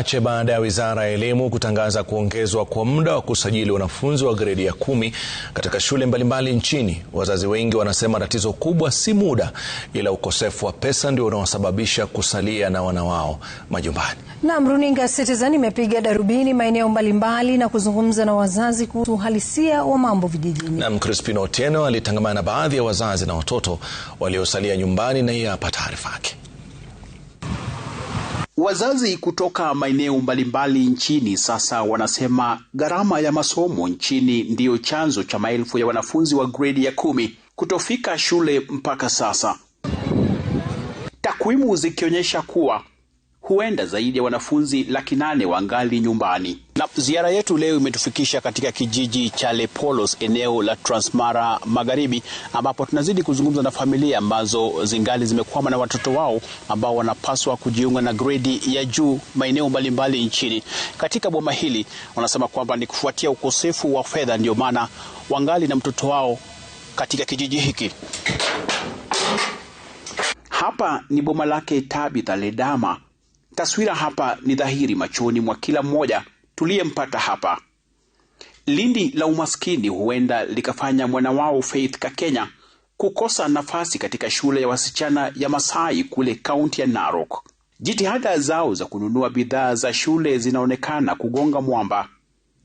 Chache baada ya Wizara ya Elimu kutangaza kuongezwa kwa muda wa kusajili wanafunzi wa gredi ya kumi katika shule mbalimbali nchini, wazazi wengi wanasema tatizo kubwa si muda ila ukosefu wa pesa ndio unaosababisha kusalia na wana wao majumbani. Nam runinga Citizen imepiga darubini maeneo mbalimbali na kuzungumza na wazazi kuhusu uhalisia wa mambo vijijini. Nam Crispin Otieno alitangamana na baadhi ya wazazi na watoto waliosalia nyumbani na hii hapa taarifa yake. Wazazi kutoka maeneo mbalimbali nchini sasa wanasema gharama ya masomo nchini ndiyo chanzo cha maelfu ya wanafunzi wa gredi ya kumi kutofika shule mpaka sasa, takwimu zikionyesha kuwa huenda zaidi ya wanafunzi laki nane wangali nyumbani. Na ziara yetu leo imetufikisha katika kijiji cha Lepolos, eneo la Transmara Magharibi, ambapo tunazidi kuzungumza na familia ambazo zingali zimekwama na watoto wao ambao wanapaswa kujiunga na gredi ya juu maeneo mbalimbali nchini. Katika boma hili wanasema kwamba ni kufuatia ukosefu wa fedha, ndio maana wangali na mtoto wao katika kijiji hiki. Hapa ni boma lake Tabitha Ledama Taswira hapa ni dhahiri machoni mwa kila mmoja tuliyempata hapa. Lindi la umaskini huenda likafanya mwana wao Faith Kakenya kukosa nafasi katika shule ya wasichana ya Masai kule kaunti ya Narok. Jitihada zao za kununua bidhaa za shule zinaonekana kugonga mwamba.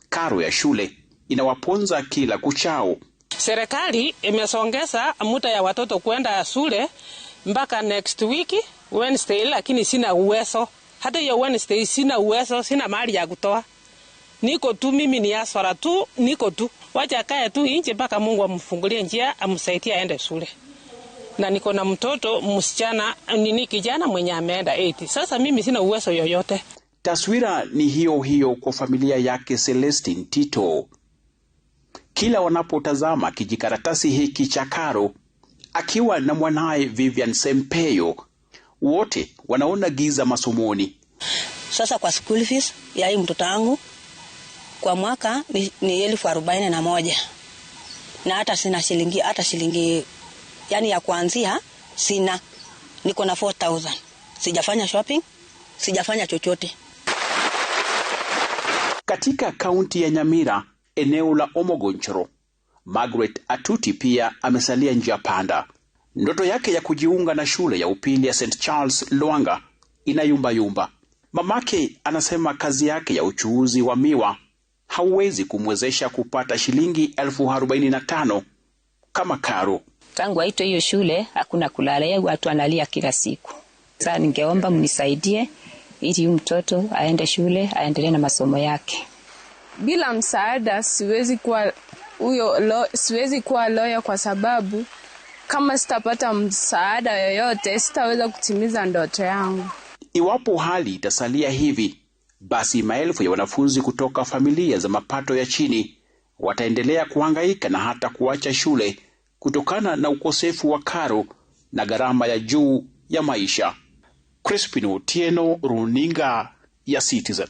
Karo ya shule inawaponza kila kuchao. Serikali imesongeza muda ya watoto kwenda shule mpaka next week Wednesday, lakini sina uwezo hata hiyo Wednesday sina uwezo, sina mali ya kutoa. Niko tu mimi ni aswara tu, niko tu. Wacha kaya tu nje mpaka Mungu amfungulie njia, amsaidie aende shule. Na niko na mtoto msichana, nini kijana mwenye ameenda 8. Sasa mimi sina uwezo yoyote. Taswira ni hiyo hiyo kwa familia yake Celestine Tito. Kila wanapotazama kijikaratasi hiki cha karo akiwa na mwanaye Vivian Sempeyo, wote wanaona giza masomoni. Sasa kwa school fees ya hii mtoto wangu kwa mwaka ni, ni elfu arobaini na moja na hata sina shilingi hata shilingi yani ya kuanzia sina, niko na 4000 sijafanya shopping, sijafanya chochote. Katika kaunti ya Nyamira, eneo la Omogonchoro, Margaret Atuti pia amesalia njia panda. Ndoto yake ya kujiunga na shule ya upili ya St Charles Lwanga inayumbayumba. Mamake anasema kazi yake ya uchuuzi wa miwa hauwezi kumwezesha kupata shilingi elfu arobaini na tano kama karo. Tangu aitwe hiyo shule hakuna kulala, watu analia kila siku. Sasa ningeomba mnisaidie ili huyu mtoto aende shule, aendelee na masomo yake. Bila msaada siwezi kuwa huyo lo, siwezi kuwa loya kwa sababu kama sitapata msaada yoyote sitaweza kutimiza ndoto yangu. Iwapo hali itasalia hivi, basi maelfu ya wanafunzi kutoka familia za mapato ya chini wataendelea kuhangaika na hata kuacha shule kutokana na ukosefu wa karo na gharama ya juu ya maisha. Crispin Otieno, runinga ya Citizen.